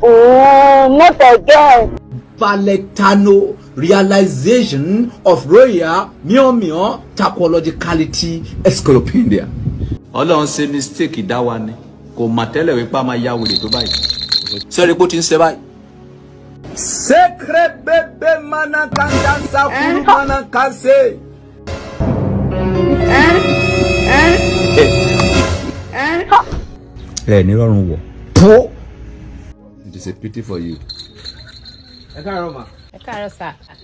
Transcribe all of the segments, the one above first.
Oh, not again. Valentano realization of royal miomion topologicality escolopendia. Ọlọ́run ṣe mistake dá wa ni kò mà tẹ́lẹ̀ wípé a máa ya wèrè tó báyìí. Sẹ́rí pé ti ń ṣe báyìí. Sẹ́kẹ̀rẹ̀ bẹ́bẹ́ mana kankansa eh? fún mana kase. Eh? Eh? Ẹ ní rọrùn wọ̀. Pọ́ it is a pity for you. ẹ káàárọ̀ ma.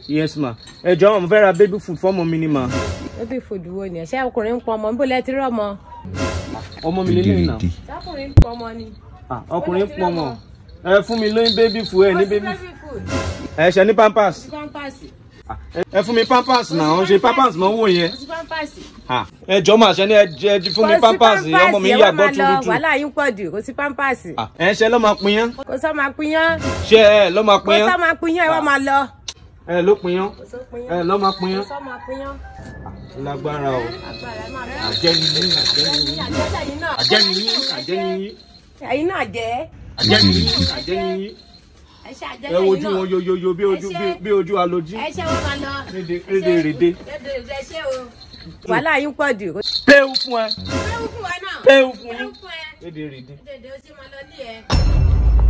yes ma ẹ John, mo fẹ́ baby food for mi ni ma. baby food wo ni ẹ ṣé ọkùnrin ń pọn ọmọ níbo ma. ti rí ọmọ. ọmọ mi lélẹ́yìn náà. for ń Ah, ọmọ ni. for ah, ń Eh, for ẹ fún mi lóyún baby food ẹ ní baby food. ẹ ṣe ní pampers. Ah, ẹ fún mi pampers náà ó ṣe pampers ma. wò yẹn. Ah. ẹ jọ máa ṣe ni ẹ fún mi pampasi ọmọ mi yàgbọ́ tuurutu. wàhálà yín pọ̀ jù kò sí pampasi. Ah, ẹ ṣe ló máa pinyán. kò sọ máa pinyán. ṣe ẹ ló máa pinyán. kò sọ máa pinyán ẹ wọ́n ah. máa lọ. ẹ ló pinyán ẹ ló máa pinyán. kò sọ máa pinyán. lágbára o àjẹni yín àjẹni yín àjẹni yín àjẹni náà jẹ́. àjẹni yín àjẹni yín ẹ wojú wọn yoyoyo bí ojú alojí rédèrèdè wàhálà yín pọ̀ jù. péwu fún ẹ péwu fún ẹ náà péwu fún yín. péwu fún ẹ. èdè rèé dín. èdè òsì lọ ní ẹ.